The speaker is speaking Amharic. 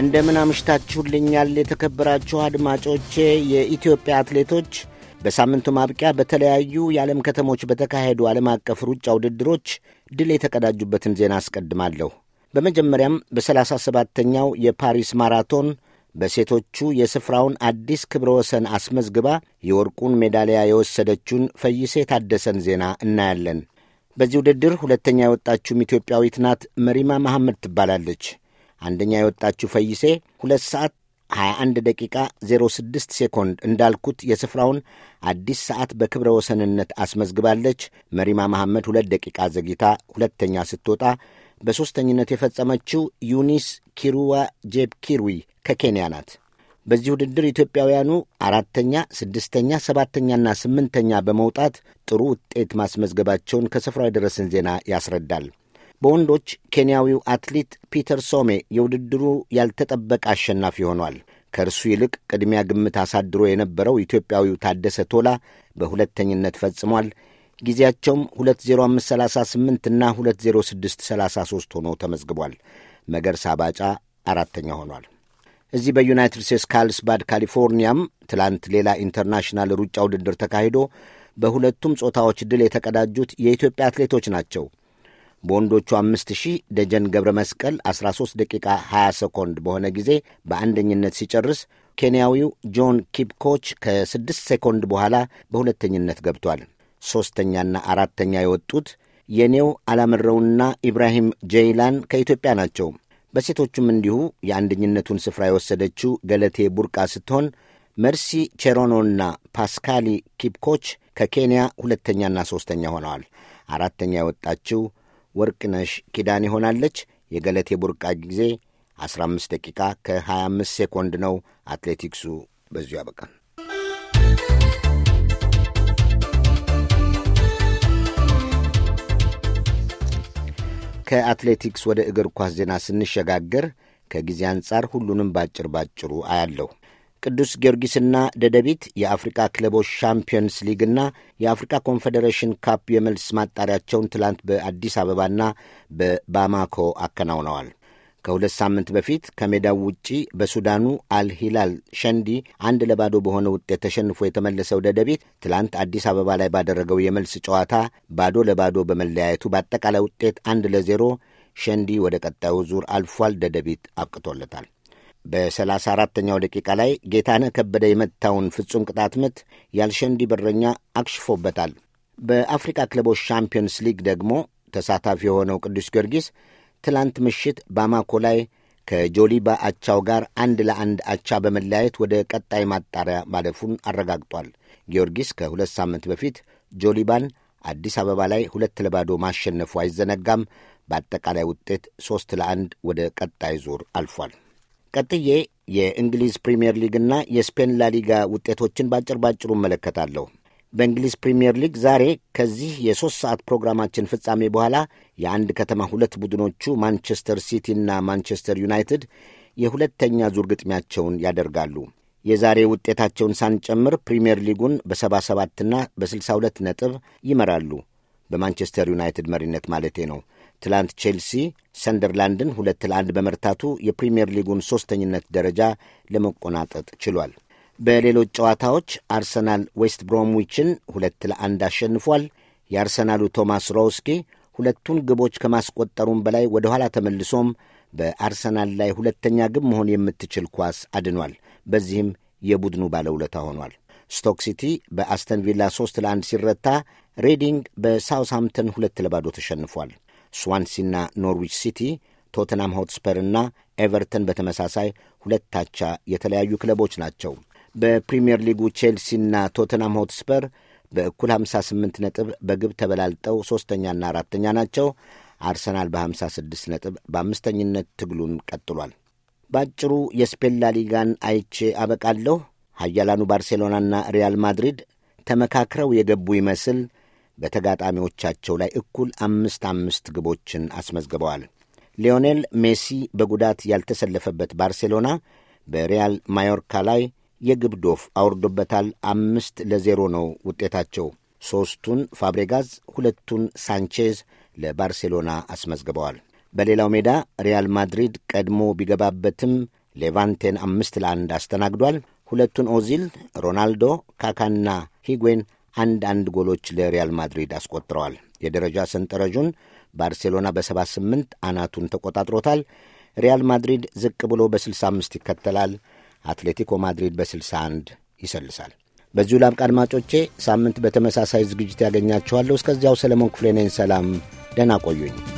እንደምን አምሽታችሁልኛል የተከበራችሁ አድማጮቼ። የኢትዮጵያ አትሌቶች በሳምንቱ ማብቂያ በተለያዩ የዓለም ከተሞች በተካሄዱ ዓለም አቀፍ ሩጫ ውድድሮች ድል የተቀዳጁበትን ዜና አስቀድማለሁ። በመጀመሪያም በ 37 የፓሪስ ማራቶን በሴቶቹ የስፍራውን አዲስ ክብረ ወሰን አስመዝግባ የወርቁን ሜዳሊያ የወሰደችውን ፈይሴ ታደሰን ዜና እናያለን። በዚህ ውድድር ሁለተኛ የወጣችውም ኢትዮጵያዊት ናት። መሪማ መሐመድ ትባላለች። አንደኛ የወጣችው ፈይሴ ሁለት ሰዓት 21 ደቂቃ 06 ሴኮንድ እንዳልኩት የስፍራውን አዲስ ሰዓት በክብረ ወሰንነት አስመዝግባለች። መሪማ መሐመድ ሁለት ደቂቃ ዘግይታ ሁለተኛ ስትወጣ በሦስተኝነት የፈጸመችው ዩኒስ ኪሩዋ ጄብ ኪርዊ ከኬንያ ናት። በዚህ ውድድር ኢትዮጵያውያኑ አራተኛ፣ ስድስተኛ፣ ሰባተኛና ስምንተኛ በመውጣት ጥሩ ውጤት ማስመዝገባቸውን ከስፍራው የደረሰን ዜና ያስረዳል። በወንዶች ኬንያዊው አትሌት ፒተር ሶሜ የውድድሩ ያልተጠበቀ አሸናፊ ሆኗል። ከእርሱ ይልቅ ቅድሚያ ግምት አሳድሮ የነበረው ኢትዮጵያዊው ታደሰ ቶላ በሁለተኝነት ፈጽሟል። ጊዜያቸውም 20538 እና 20633 ሆኖ ተመዝግቧል። መገርሳ ባጫ አራተኛ ሆኗል። እዚህ በዩናይትድ ስቴትስ ካልስባድ ካሊፎርኒያም ትላንት ሌላ ኢንተርናሽናል ሩጫ ውድድር ተካሂዶ በሁለቱም ጾታዎች ድል የተቀዳጁት የኢትዮጵያ አትሌቶች ናቸው። በወንዶቹ 5000 ደጀን ገብረ መስቀል 13 ደቂቃ 20 ሰኮንድ በሆነ ጊዜ በአንደኝነት ሲጨርስ ኬንያዊው ጆን ኪፕኮች ከ6 ሴኮንድ በኋላ በሁለተኝነት ገብቷል። ሦስተኛና አራተኛ የወጡት የኔው አላምረውና ኢብራሂም ጄይላን ከኢትዮጵያ ናቸው። በሴቶቹም እንዲሁ የአንደኝነቱን ስፍራ የወሰደችው ገለቴ ቡርቃ ስትሆን መርሲ ቼሮኖና ፓስካሊ ኪፕኮች ከኬንያ ሁለተኛና ሦስተኛ ሆነዋል። አራተኛ የወጣችው ወርቅነሽ ኪዳን ይሆናለች። የገለቴ ቡርቃ ጊዜ 15 ደቂቃ ከ25 ሴኮንድ ነው። አትሌቲክሱ በዚሁ ያበቃል። ከአትሌቲክስ ወደ እግር ኳስ ዜና ስንሸጋገር ከጊዜ አንጻር ሁሉንም ባጭር ባጭሩ አያለሁ። ቅዱስ ጊዮርጊስና ደደቢት የአፍሪካ ክለቦች ሻምፒዮንስ ሊግና የአፍሪካ ኮንፌዴሬሽን ካፕ የመልስ ማጣሪያቸውን ትላንት በአዲስ አበባና በባማኮ አከናውነዋል። ከሁለት ሳምንት በፊት ከሜዳው ውጪ በሱዳኑ አልሂላል ሸንዲ አንድ ለባዶ በሆነ ውጤት ተሸንፎ የተመለሰው ደደቢት ትላንት አዲስ አበባ ላይ ባደረገው የመልስ ጨዋታ ባዶ ለባዶ በመለያየቱ በአጠቃላይ ውጤት አንድ ለዜሮ ሸንዲ ወደ ቀጣዩ ዙር አልፏል። ደደቢት አብቅቶለታል። በሰላሳ አራተኛው ደቂቃ ላይ ጌታነህ ከበደ የመታውን ፍጹም ቅጣት ምት ያልሸንዲ በረኛ አክሽፎበታል። በአፍሪካ ክለቦች ሻምፒዮንስ ሊግ ደግሞ ተሳታፊ የሆነው ቅዱስ ጊዮርጊስ ትላንት ምሽት ባማኮ ላይ ከጆሊባ አቻው ጋር አንድ ለአንድ አቻ በመለያየት ወደ ቀጣይ ማጣሪያ ማለፉን አረጋግጧል። ጊዮርጊስ ከሁለት ሳምንት በፊት ጆሊባን አዲስ አበባ ላይ ሁለት ለባዶ ማሸነፉ አይዘነጋም። በአጠቃላይ ውጤት ሦስት ለአንድ ወደ ቀጣይ ዙር አልፏል። ቀጥዬ የእንግሊዝ ፕሪምየር ሊግና የስፔን ላሊጋ ውጤቶችን ባጭር ባጭሩ እመለከታለሁ። በእንግሊዝ ፕሪምየር ሊግ ዛሬ ከዚህ የሦስት ሰዓት ፕሮግራማችን ፍጻሜ በኋላ የአንድ ከተማ ሁለት ቡድኖቹ ማንቸስተር ሲቲ ማንቸስተር ዩናይትድ የሁለተኛ ዙር ግጥሚያቸውን ያደርጋሉ። የዛሬ ውጤታቸውን ሳንጨምር ፕሪምየር ሊጉን በ77ና በ62 ነጥብ ይመራሉ። በማንቸስተር ዩናይትድ መሪነት ማለቴ ነው። ትላንት ቼልሲ ሰንደርላንድን ሁለት ለአንድ በመርታቱ የፕሪምየር ሊጉን ሦስተኝነት ደረጃ ለመቆናጠጥ ችሏል። በሌሎች ጨዋታዎች አርሰናል ዌስት ብሮምዊችን ሁለት ለአንድ አሸንፏል። የአርሰናሉ ቶማስ ሮውስኪ ሁለቱን ግቦች ከማስቆጠሩም በላይ ወደ ኋላ ተመልሶም በአርሰናል ላይ ሁለተኛ ግብ መሆን የምትችል ኳስ አድኗል። በዚህም የቡድኑ ባለውለታ ሆኗል። ስቶክ ሲቲ በአስተን ቪላ ሦስት ለአንድ ሲረታ፣ ሬዲንግ በሳውስሃምፕተን ሁለት ለባዶ ተሸንፏል። ስዋንሲና ኖርዊች ሲቲ፣ ቶተናም ሆትስፐርና ኤቨርተን በተመሳሳይ ሁለታቻ የተለያዩ ክለቦች ናቸው። በፕሪምየር ሊጉ ቼልሲና ቶተናም ሆትስፐር በእኩል 58 ነጥብ በግብ ተበላልጠው ሦስተኛና አራተኛ ናቸው። አርሰናል በ56 ነጥብ በአምስተኝነት ትግሉን ቀጥሏል። በአጭሩ የስፔን ላሊጋን አይቼ አበቃለሁ። ኃያላኑ ባርሴሎናና ሪያል ማድሪድ ተመካክረው የገቡ ይመስል በተጋጣሚዎቻቸው ላይ እኩል አምስት አምስት ግቦችን አስመዝግበዋል። ሊዮኔል ሜሲ በጉዳት ያልተሰለፈበት ባርሴሎና በሪያል ማዮርካ ላይ የግብ ዶፍ አውርዶበታል። አምስት ለዜሮ ነው ውጤታቸው። ሦስቱን ፋብሬጋዝ፣ ሁለቱን ሳንቼዝ ለባርሴሎና አስመዝግበዋል። በሌላው ሜዳ ሪያል ማድሪድ ቀድሞ ቢገባበትም ሌቫንቴን አምስት ለአንድ አስተናግዷል። ሁለቱን ኦዚል፣ ሮናልዶ፣ ካካና ሂጉዌን አንዳንድ ጎሎች ለሪያል ማድሪድ አስቆጥረዋል። የደረጃ ሰንጠረዡን ባርሴሎና በ78 አናቱን ተቆጣጥሮታል። ሪያል ማድሪድ ዝቅ ብሎ በ65 ይከተላል። አትሌቲኮ ማድሪድ በ61 ይሰልሳል። በዚሁ ላብቃ አድማጮቼ። ሳምንት በተመሳሳይ ዝግጅት ያገኛችኋለሁ። እስከዚያው ሰለሞን ክፍሌ ነኝ። ሰላም፣ ደህና ቆዩኝ።